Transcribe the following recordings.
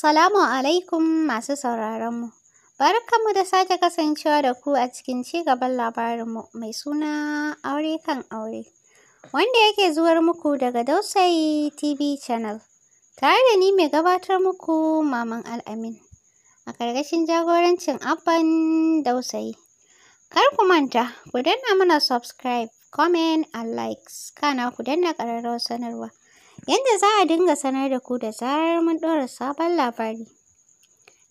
Assalamu alaikum masu sauraronmu. mu da sake kasancewa da ku a cikin ci gaban labarinmu mai suna aure kan aure. Wanda yake zuwar muku daga Dausayi TV Channel. Tare da ni mai gabatar muku Maman Al'amin. A ƙarƙashin jagorancin Abban Dausayi. Kar ku manta, ku danna mana subscribe, comment and likes. Kana ku danna ƙararrawar sanarwa. yadda za a dinga sanar da ku da zarar mun ɗora sabon labari.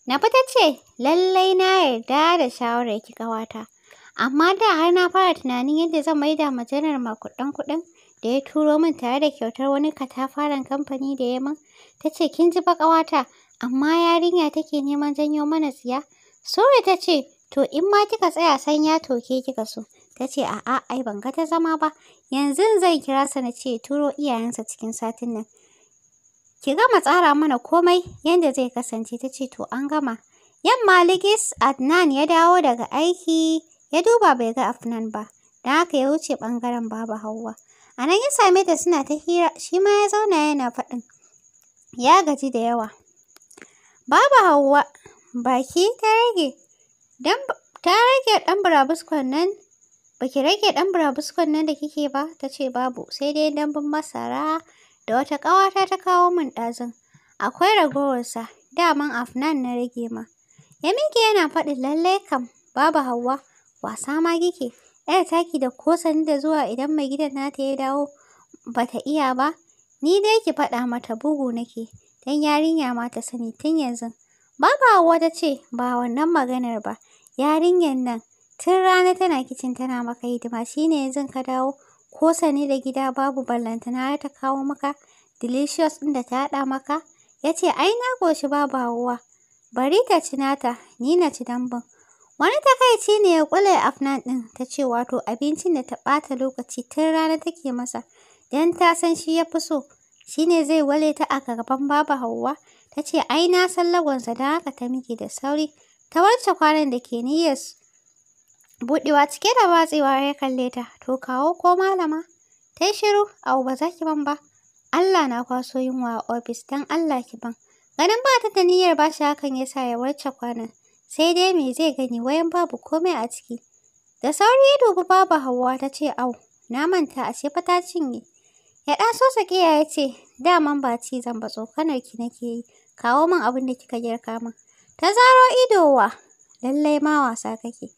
Na fita ce, lallai na yarda da shawarar ki ƙawata, amma da har na fara tunanin yadda zan maida ma janar makuɗan kuɗin da ya turo min tare da kyautar wani katafaren kamfani da ya min. Ta ce, kin ji ba ƙawata, amma yarinya take neman janyo mana tsiya. Sore ta ce, to in ma kika tsaya sanya ya toke kika so. Ta ce, a'a, ai ban ga ta zama ba, Yanzu zai kira sa na ce turo iyayensa cikin satin nan. Ki gama tsara mana komai yadda zai kasance ta ce to an gama. Yamma Ligis Adnan ya dawo daga aiki ya duba bai ga Afnan ba, da haka ya wuce ɓangaren Baba Hauwa. A nan ya same ta suna ta hira, shi ma ya zauna yana faɗin. Ya gaji da yawa. Baba Hauwa baki ta rage, ta rage ɗan burabuskon nan Baki rage ɗan burabuskon nan da kike ba? Ta ce babu, sai dai dambun masara da wata ƙawata ta kawo min ɗazun. Akwai ragowar sa daman afnan na rage ma. Ya miki yana faɗin lallai kam, babu Hauwa, wasa ma kike. ‘Yar taki da kosan da zuwa idan mai gidan nata ya dawo bata iya ba, ni dai ki faɗa mata bugu nake, dan yarinya ma ta sani tun yanzu. Babu Hauwa ta ce, ba wannan maganar ba, yarinyar nan Tun rana tana kicin tana maka hidima shi ne yanzu ka dawo ko sani da gida babu ballanta na ta kawo maka delicious ɗin da ta haɗa maka. Ya ce ai na goshi babu hauwa. Bari ta ci nata, ni na ci dambun. Wani takaici ne ya ƙulle Afnan ɗin ta ce wato abincin da ta ɓata lokaci tun rana take masa. Dan ta san shi ya fi so, shi ne zai wale ta a gaban babu hauwa. Ta ce ai na san lagonsa don haka ta miki da sauri. Ta wancan kwanan da ke niyyar Buɗewa cike da batsewa ya kalle ta, to kawo ko malama? Ta yi shiru, abu ba za ki ban ba. Allah na kwaso yunwa a ofis don Allah ki ban. Ganin ba ta da niyyar ba shi hakan ya sa ya wacce kwanan. Sai dai me zai gani wayan babu komai a ciki. Da sauri ya dubi babu Hauwa ta ce au, na manta ashe fa ta cinye. Ya ɗan so sakiya ya ce, daman ba ci zan ba tsokanar ki nake yi, kawo min abin da kika girka min. Ta zaro ido wa, lallai ma wasa kake.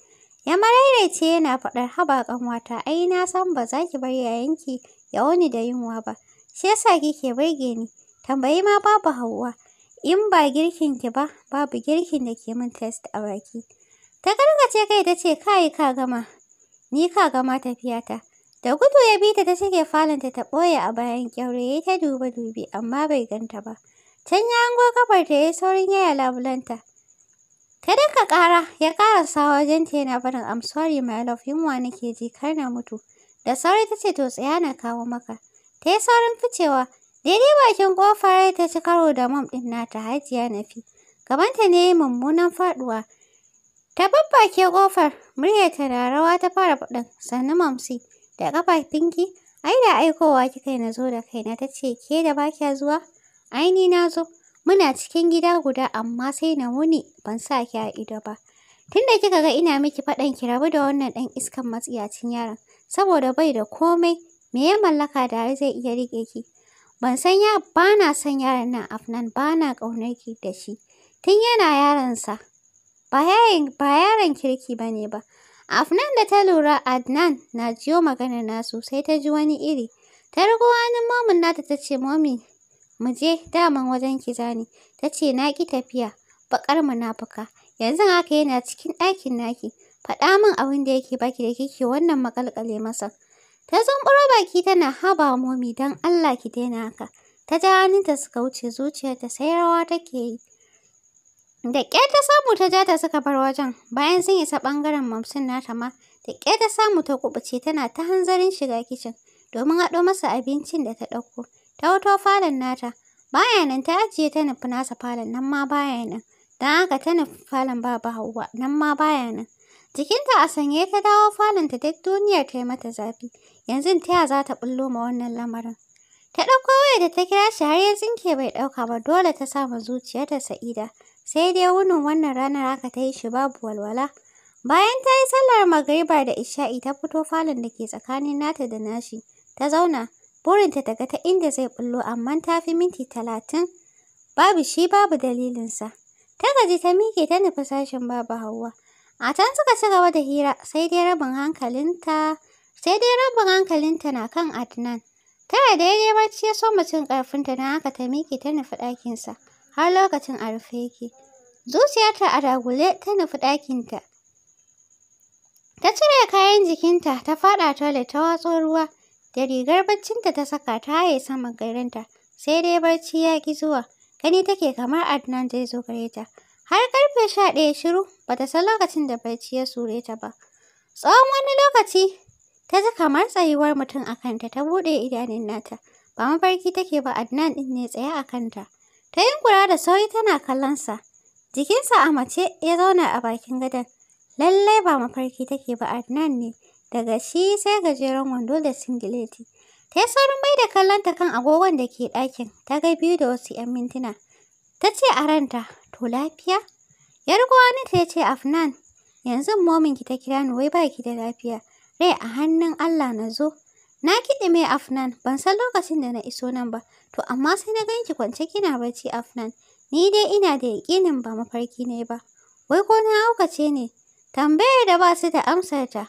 Ya maraice yana faɗar haba ƙanwata ai na san ba za ki bar yayanki ya wani da yunwa ba. Shi yasa kike burge ni. Tambayi ma babu Hauwa. In ba girkin ki ba, babu girkin da ke min test a baki. Ta gargace kai ta ce kai ka gama. Ni ka gama tafiyata. Da gudu ya bi ta ta shige falonta ta ɓoye a bayan ƙyaure ya yi ta dube-dube amma bai ganta ba. Can ya hango kafar ta ya yi saurin yaya labulanta. Ta daka ƙara, ya ƙarasa ta yana faɗin I'm sorry my love, yunwa nake ji kar na mutu. Da sauri ta ce to tsaya na kawo maka. Ta yi saurin ficewa, daidai bakin ƙofar ta ci karo da mom ɗin nata Hajiya Nafi. Gabanta ne yi mummunan faɗuwa. Ta babbake ƙofar, muryarta na rawa ta fara faɗin sannu mamsi da ƙafafinki. Ai da aikowa kika na zo da kaina ta ce ke da ba zuwa? Ai ni na zo. Muna cikin gida guda amma sai na wuni ban sa ki a ido ba. Tunda kika ga ina miki faɗan ki rabu da wannan ɗan iskan matsiyacin yaron saboda bai da komai me ya mallaka da har zai iya riƙe ki. Ban san ya ba na son yaron nan Afnan ba na ƙaunar ki da shi. Tun yana yaronsa ba yaron kirki ba ne ba. Afnan da ta lura Adnan na jiyo maganar nasu sai ta ji wani iri. Ta rigo hannun momin nata ta ce momi Mu je, daman wajen kira tace Ta ce na ƙi tafiya, baƙar munafuka. Yanzu haka yana cikin ɗakin naki. Faɗa min abin da yake baki da kike wannan maƙalƙale masa. Ta zumburo baki tana haba momi dan Allah ki daina haka. Ta ja hannunta suka wuce zuciyarta sai rawa take yi. Da ƙyar ta samu ta ja ta suka bar wajen, bayan sun isa ɓangaren mamsin nata ma, da ƙyar ta samu ta kuɓuce tana ta hanzarin shiga kicin domin haɗo masa abincin da ta ɗauko. ta wato falon nata. Baya nan ta ajiye ta nufi nasa falon nan ma baya nan. Don haka ta nufi falon baba Hauwa nan ma baya nan. Jikinta a sanye ta dawo falon ta duk duniyar ta yi mata zafi. Yanzu ta ya za ta bullo ma wannan lamarin. Ta ɗauko waya da ta kira shi har ya tsinke bai ɗauka ba dole ta sa ma zuciyarta sa'ida. Sai dai wunin wannan ranar haka ta yi shi babu walwala. Bayan ta yi sallar magariba da isha'i ta fito falon da ke tsakanin nata da nashi, ta zauna. burinta daga ta inda zai bullo amma ta fi minti talatin babu shi babu dalilinsa. Ta gaji ta miƙe ta nufi sashen babu Hauwa. A can suka ci gaba da hira sai dai rabin hankalinta sai dai rabin hankalinta na kan Adnan. Tana da daidai barci ya so mutum ƙarfinta na haka ta miƙe ta nufi ɗakinsa har lokacin a rufe yake. Zuciyarta a dagule ta nufi ɗakinta. Ta cire kayan jikinta ta faɗa toilet ta watso ruwa. Da rigar baccinta ta saka ta haye saman garinta, sai dai barci ya ki zuwa. Gani take kamar Adnan zai zo gare ta. Har karfe sha ɗaya shiru, ba ta san lokacin da barci ya sure ta ba. Tsawon wani lokaci, ta ji kamar tsayuwar mutum a kanta ta buɗe idanun nata. Ba mafarki take ba Adnan ɗin ne tsaye a kanta. Ta yi yunkura da sauri tana kallonsa. Jikinsa a mace ya zauna a bakin gadon. Lallai ba mafarki take ba Adnan ne. daga shi sai gajeren wando da singileti. Ta yi saurin mai da kallonta kan agogon da ke ɗakin, ta ga biyu da wasu ‘yan mintuna. Ta ce a ranta, to lafiya? Yarguwani ta ce Afnan, yanzu mominki ta kira ni wai ba ki da lafiya, rai a hannun Allah na zo. Na kiɗi mai Afnan, ban san lokacin da na iso nan ba, to amma sai na ganki kwance kina barci Afnan. Ni dai ina da yaƙinin ba mafarki ne ba. Wai ko na aukace ne? Tambayar da ba su da amsarta.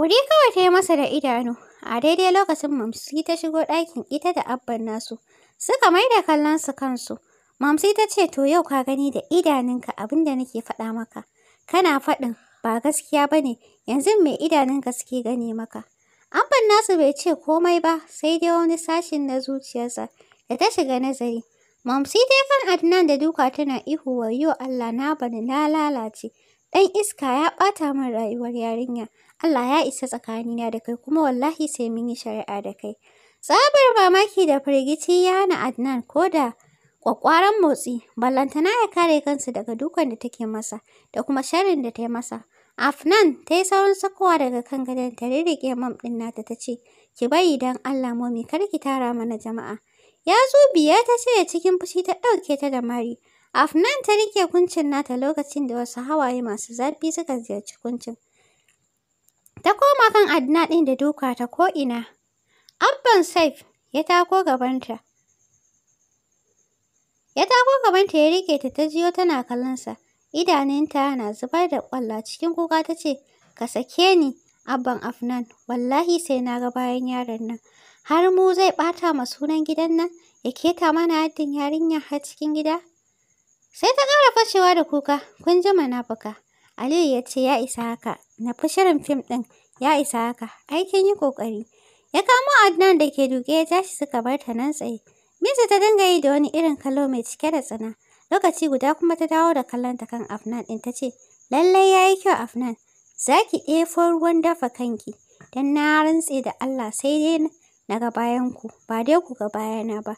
Ƙuri kawai ta yi masa da idanu. A daidai lokacin Mamsi ta shigo ɗakin ita da abban nasu. Suka mai da kallon su kansu. Mamsi ta ce to yau ka gani da idanunka abin da nake faɗa maka. Kana faɗin ba gaskiya ba ne, yanzu mai idanunka suke gani maka. Abban nasu bai ce komai ba sai dai wani sashin na zuciyarsa da ta shiga nazari. Mamsi dai kan Adnan da duka tana ihu wa Allah na bani na lalace. ɗan iska ya ɓata min rayuwar yarinya. Allah ya isa tsakanina da kai kuma wallahi sai mun yi shari'a da kai. Tsabar mamaki da firgici ya hana Adnan ko da ƙwaƙƙwaran motsi, ballantana ya kare kansa daga dukan da take masa da kuma sharrin da ta yi masa. Afnan ta yi saurin sakowa daga kan gadon ta rirriƙe mam ɗin nata ta ce, Ki bari don Allah momi kar ki tara mana jama'a. Ya zo biya ta ce cikin fushi ta ɗauke ta da mari. Afnan ta rike kuncin nata lokacin da wasu hawaye masu zafi suka ziyarci kuncin. Ta koma kan Adna ɗin da duka ta ko'ina. Abban Saif ya tako gabanta. Ya tako gabanta ya rike ta ta jiyo tana kallonsa. Idanunta na zubar da ƙwalla cikin kuka ta ce, Ka sake ni, Abban Afnan, wallahi sai na ga bayan yaron nan. Har mu zai ɓata ma sunan gidan nan, ya keta mana haddin yarinya har cikin gida. Sai ta ƙara fashewa da kuka, kun ji fuka. Aliyu ya ce ya isa haka, na fi shirin fim ɗin, ya isa haka, aikin yi ƙoƙari. Ya kamo Adnan da ke duke ya tashi suka bar ta nan tsaye. Misa ta dinga yi da wani irin kallo mai cike da tsana. Lokaci guda kuma ta dawo da ta kan Afnan ɗin ta ce, Lallai ya yi kyau Afnan, za ki ɗefo ruwan dafa kanki, don na rantse da Allah sai dai na ga bayanku, ba dai ku ga bayana ba.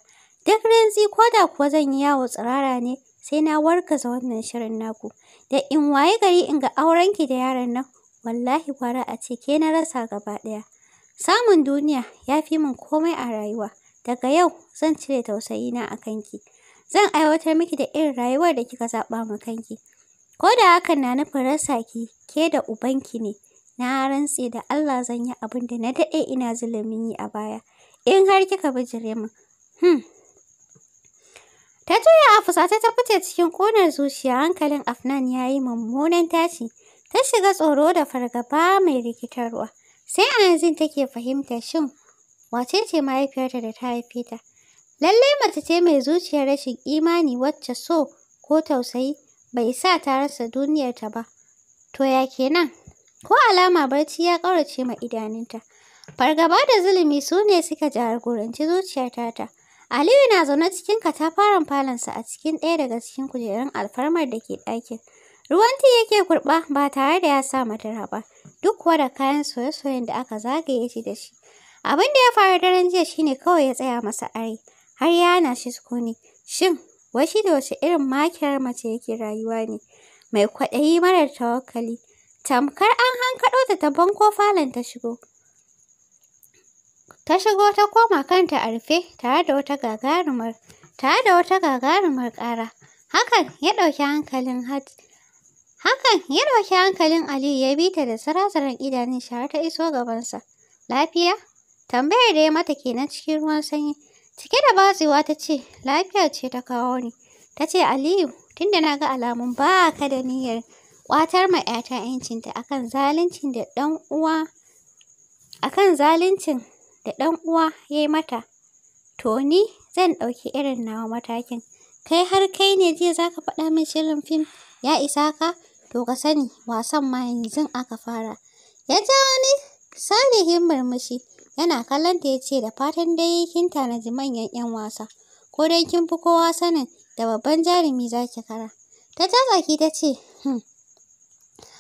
Duk rantsi ko da kuwa zan yi yawo tsirara ne, sai na warka za wannan shirin naku. Da in waye gari in ga aurenki da yaran nan, wallahi gwara a ce ke na rasa gaba ɗaya. Samun duniya ya fi min komai a rayuwa. Daga yau zan cire tausayina a kanki. Zan aiwatar miki da irin rayuwar da kika zaɓa ma kanki. Ko da hakan na nufin rasa ki, ke da ubanki ne. Na rantse da Allah zan yi abin da na daɗe ina zulumin yi a baya. In har kika bijire min, hmm. Ta juya a fusace ta fice cikin ƙonar zuciya hankalin Afnan ya yi mummunan tashi. Ta shiga tsoro da fargaba mai rikitarwa. Sai a yanzu take fahimta shin wace ce mahaifiyarta da ta haife ta. Lallai mace ce mai zuciyar rashin imani wacce so ko tausayi bai sa ta rasa duniyarta ba. To ya kenan? Ko alama barci ya ƙaurace ma idanunta. Fargaba da zulumi su ne suka jagoranci zuciyar ta. Aliyu na zaune cikin katafaren falonsa a cikin ɗaya daga cikin kujerun alfarmar da ke ɗakin. Ruwan ti yake kurɓa ba tare da ya sa madara ba, duk kuwa da kayan soye-soyen da aka zagaye shi da shi. Abin da ya faru daren jiya shine kawai ya tsaya masa are, har ya hana shi kone. Shin, wai shi da wace irin makiyar mace yake rayuwa ne? Mai kwaɗayi marar tawakali. Tamkar an hankaɗo ta ta ko falon ta shigo. Ta shigo ta koma kanta a rufe tare da wata gagarumar tare da wata gagarumar ƙara. Hakan ya ɗauki hankalin hat Hakan ya ɗauki hankalin Aliyu ya bi ta da sarasaran idanun shi har ta iso gabansa. Lafiya? Tambayar da ya mata kenan cikin ruwan sanyi. Cike da batsewa ta ce, lafiya ce ta kawo ni. Ta ce, Aliyu, tunda na ga alamun ba ka da niyyar ƙwatar ma 'yata 'yancinta akan zaluncin da ɗan uwa akan zaluncin da ɗan uwa ya yi mata. To ni zan ɗauki irin nawa matakin. Kai har kai ne jiya za ka faɗa min shirin fim ya isa ka? To ka sani wasan ma yanzu aka fara. Ya ja wani sanihin murmushi yana kallon ta ya ce da fatan dai kin tanaji manyan ƴan wasa. Ko dai kin fi kowa sanin da babban jarumi za ki kara. Ta ja Zaki ta ce, hmm.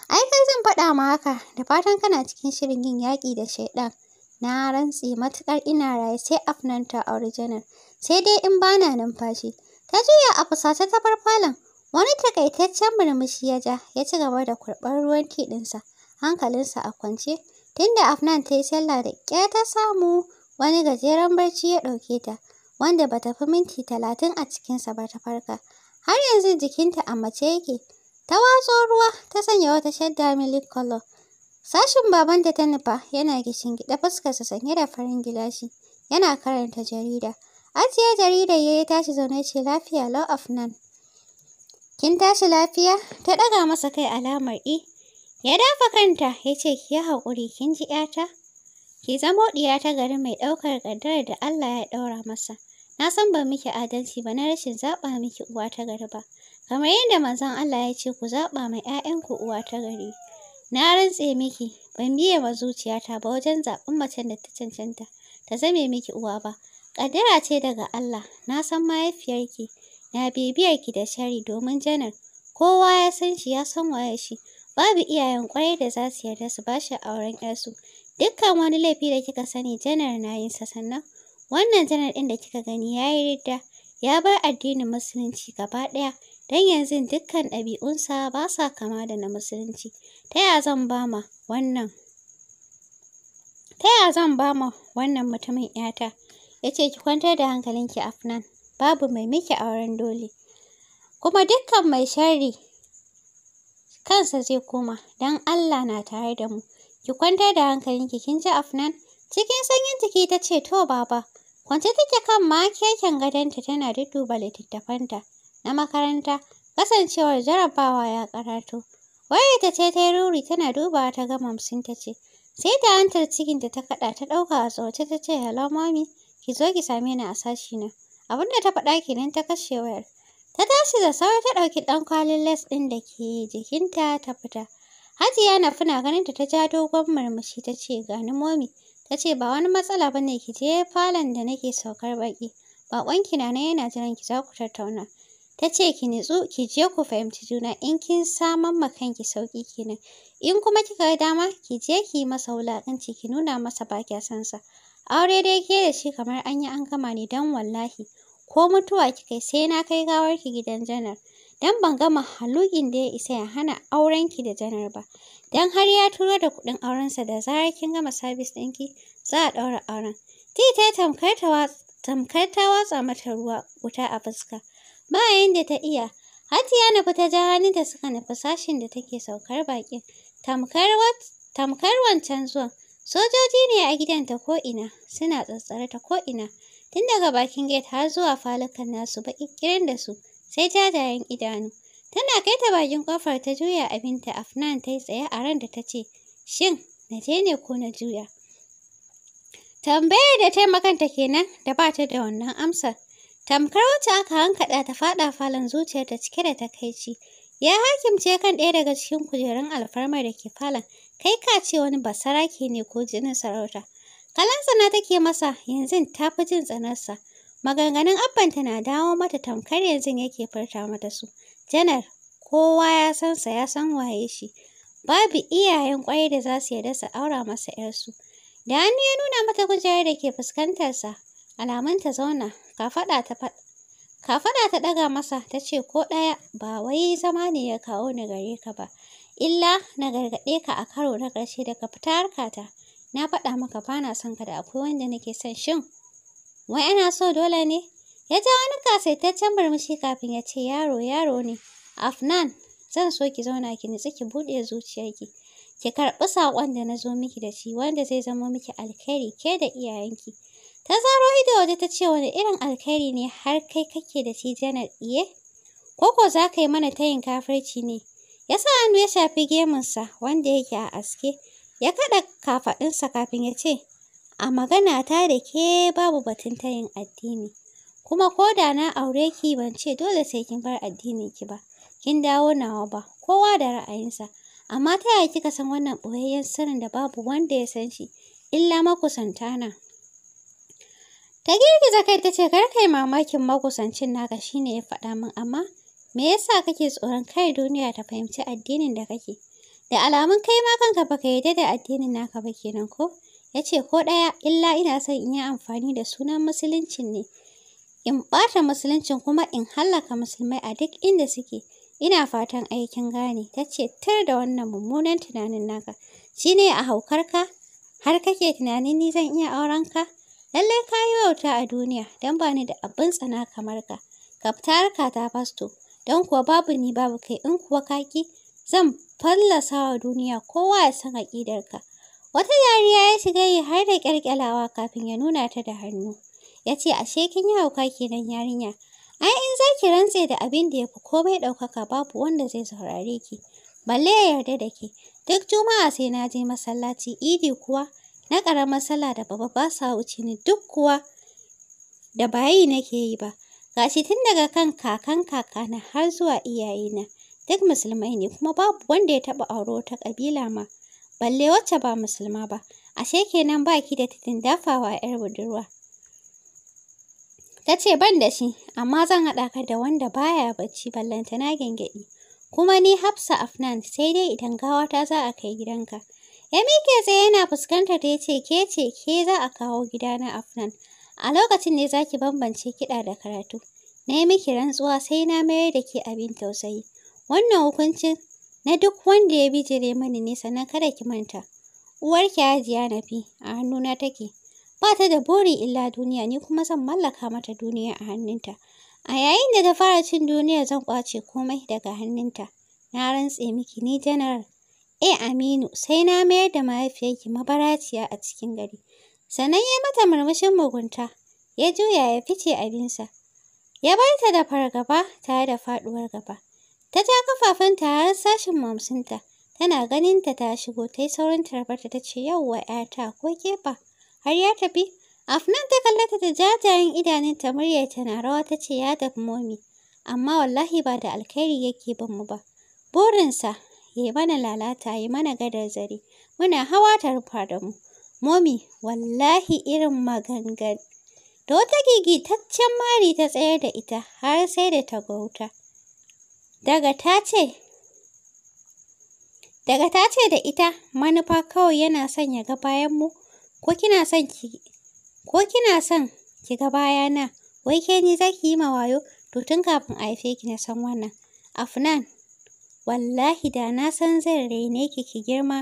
Ai kai zan faɗa ma haka da fatan kana cikin shirin yin yaƙi da shaiɗan. Na rantse matuƙar ina raye sai Afnan ta original sai dai in bana numfashi. Ta juya a fusata ta bar falon. Wani takaitaccen murmushi ya ja, ya ci gaba da kurɓar ruwan kiɗinsa, hankalinsa a kwance. Tunda Afnan ta yi sallah da ƙya ta samu wani gajeren barci ya ɗauke ta, wanda ba ta fi minti talatin a cikinsa ba ta farka. Har yanzu jikinta a mace yake. Ta watso ruwa, ta sanya wata shadda milik color. Sashin babanta ta nufa yana gishin gida fuskarsa sanye da farin gilashi, yana karanta jarida. Ajiye jaridar ya yi tashi zaune ce lafiya law of nan. Kin tashi lafiya? Ta ɗaga masa kai alamar i. E. Ya dafa kanta ya ce ki yi haƙuri kin ji ‘yata? Ki zamo ɗiya ta gari mai ɗaukar ƙaddarar da Allah ya ɗaura masa. Na san ba miki adalci ba na rashin zaɓa miki uwa ta gari ba. Kamar yadda manzon Allah ya ce ku zaɓa ma ‘ya'yanku uwa ta gari. Na rantse miki, ban biye wa zuciyata ba wajen zaɓin macen da ta cancanta ta zame miki uwa ba. Ƙaddara ce daga Allah, na san mahaifiyarki, na bibiyarki da shari domin janar. Kowa ya san shi, ya san waye shi. Babu iyayen ƙwarai da za su yarda su ba shi auren 'yarsu. Dukkan wani laifi da kika sani janar na yin sa sannan. Wannan janar ɗin da kika gani ya yi ridda, ya bar addinin musulunci gaba ɗaya. don yanzu dukkan ɗabi'unsa ba sa kama da na musulunci ta ya zan ba ma wannan ta ya zan mutumin yata ya ce ki kwantar da hankalinki afnan babu mai miki auren dole kuma dukkan mai sharri kansa zai koma don allah na tare da mu ki kwantar da hankalinki kin ji afnan cikin sanyin jiki ta ce to baba kwance take kan ma keken gadonta tana duba littattafanta na makaranta kasancewar jarabawa ya karato. ta ce ta yi ruri tana dubawa ta gama mamsin ta ce, sai ta hantar da ta kaɗa ta ɗauka a tsorace ta ce hello mami ki zo ki same ni a sashi na. Abinda ta faɗa kenan ta kashe wayar. Ta tashi da sauri ta ɗauki ɗan kwalin les ɗin da ke jikinta ta fita. Hajiya na fina ganin ta ja dogon murmushi ta ce gani momi. Ta ce ba wani matsala ba ne ki je falon da nake saukar baƙi. Baƙonki na nan yana jiran ki za ku tattauna. Ta ce ki nitsu ki je ku fahimci juna in kin saman ma kanki sauƙi kenan. In kuma kika ga dama ki je ki masa wulakanci ki nuna masa ba kya san sa. Aure dai ke da shi kamar an yi an gama ne dan wallahi. Ko mutuwa kika sai na kai gawar ki gidan janar. dan ban gama halukin da ya isa ya hana auren ki da janar ba. dan har ya turo da kuɗin aurensa da zarar kin gama sabis ɗinki za a ɗaura auren. ta tamkar ta watsa mata ruwa wuta a fuska. ba yanda ta iya. Hatiya na ta ja hannunta suka nufi sashin da take saukar baƙin. Tamkar wancan zuwan, sojoji ne a gidanta ko'ina, suna tsatsare ta ko'ina, tun daga bakin gate har zuwa falukan nasu baƙiƙirin da su, sai jajayen idanu. Tana kai ta bakin ƙofar ta juya abinta Afnan ta yi tsaye a ran da ta ce, Shin, na je ne ko na juya? Tambayar da taimakanta kenan da ba ta da wannan amsar. Tamkar wacce aka hankaɗa ta faɗa falon zuciyarta cike da takaici. Ya hakimce kan ɗaya daga cikin kujerun alfarmar da ke falon, kai ka ce wani basarake ne ko jinin sarauta. kalan sana take masa, yanzu ta fi jin tsanarsa. Maganganun abbanta na dawo mata tamkar yanzu yake furta mata su. Janar, kowa ya san sa ya san waye shi. Babu iyayen ƙwai da za su yarda su aura masa ‘yarsu. Da hannu ya nuna mata kujerar da ke fuskantarsa, alaman ta zauna kafaɗa ta ta ɗaga masa ta ce ko ɗaya ba wai zama ne ya kawo ni gare ka ba illa na gargaɗe ka a karo na ƙarshe daga fita harkata na faɗa maka ba na son ka da akwai wanda nake son shin wai ana so dole ne ya ja wani kasaitaccen murmushi kafin ya ce yaro yaro ne afnan zan so ki zauna ki nutsu ki buɗe zuciyarki ki karɓi saƙon da na zo miki da shi wanda zai zama miki alkhairi ke da iyayenki Ta zaro ido waje ta ce wani irin alkhairi ne har kai kake da shi janar iye? Koko za ka yi mana tayin kafirci ne. Ya sa hannu ya shafi gemunsa wanda yake a aske, ya kaɗa kafaɗinsa kafin ya ce, A magana ta da ke babu batun tayin addini, kuma ko da na aure ki ban ce dole sai kin bar addinin ki ba, kin dawo nawa ba, kowa da ra'ayinsa. Amma ta yaya kika san wannan ɓoyayyen sanin da babu wanda ya san shi, illa makusantana. na? Ta girgiza kai ta ce kar kai mamakin makusancin naka shi ne ya faɗa min amma me yasa kake tsoron kai duniya ta fahimci addinin da kake? Da alamun kai ma kanka baka yarda da addinin naka ba kenan ko? Ya ce ko ɗaya illa ina son in yi amfani da sunan musuluncin ne. In ɓata musuluncin kuma in hallaka musulmai a duk inda suke. Ina fatan aikin gane, ta ce tar da wannan mummunan tunanin naka. Shi ne a ka? har kake tunanin ni zan iya ka Lallai ka yi wauta a duniya don ba ni da abin tsana kamar ka. Ka fita fasto, don kuwa babu ni babu kai in kuwa kaki, zan fallasa wa duniya kowa ya san ka Wata yariya ya shiga yi har da ƙyalƙyalawa kafin ya nuna ta da hannu. Ya ce, Ashe kin yi hauka kenan yarinya, ai in za ki rantse da abin da ya fi komai ɗaukaka babu wanda zai saurare ki, balle ya yarda da ke. Duk juma'a sai na je masallaci, idi kuwa na ƙaramar sallah da baba ba sa wuce ni duk kuwa da bayi nake yi ba. Gashi tun daga kan kakan kakana har zuwa iyayena duk musulmai ne kuma babu wanda ya taɓa auro ta ƙabila ma. Balle wacce ba musulma ba, ashe kenan baki da titin dafawa 'yar budurwa. Ta ce ban da shi, amma zan haɗa ka da wanda baya bacci ballantana gyangyaɗi. Kuma ni Hafsa Afnan sai dai idan gawata za a kai gidanka. Ya miƙe tsaye yana fuskantar ta ya ce ke ce ke za a kawo gidana Afnan. A lokacin ne za ki bambance kiɗa da karatu. Na yi miki rantsuwa sai na mayar da ke abin tausayi. Wannan hukuncin na duk wanda ya bijire mani ne na kada ki manta. Uwarki Hajiya Nafi a hannuna take. Ba ta da buri illa duniya ni kuma zan mallaka mata duniya a hannunta. A yayin da ta fara cin duniya zan ƙwace komai daga hannunta. Na rantse miki ni janaral. Eh Aminu, sai na mayar da mahaifiyarki mabaraciya a cikin gari. Sannan ya mata murmushin mugunta, ya juya ya fice abinsa. Ya bar ta da fargaba tare da faɗuwar gaba. Ta ja kafafunta har sashin mamsinta. Tana ganin ta ta shigo ta yi saurin tarbarta ta ce yauwa ‘yata ko kefa har ya tafi Afnan ta kalle ta jajayen idanunta muryar tana na rawa ta ce ya tafi momi amma wallahi ba da alkhairi yake ban mu ba. Burinsa ya yi mana lalata ya mana gadar zare muna hawa ta rufa da mu. Momi wallahi irin magangan. Da wata gigitaccen mari ta tsayar da ita har sai da ta gauta. Daga ta ce da ita manufa kawai yana son ya ga bayan mu ko kina son ki Ko kina son ki ga bayana, wai ke ni zaki yi ma wayo? To tun kafin a haife ki na san wannan. Afnan, wallahi da na san zan raine ki ki girma,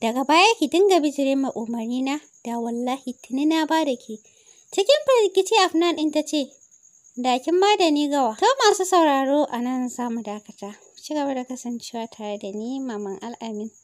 daga baya ki dinga bijire ma na da wallahi tuni na ba da ke. Cikin firgici Afnan ɗin ta ce, da kin ba da ni gawa. To masu sauraro a nan za mu dakata. Ci gaba da kasancewa tare da ni, Maman Al'amin.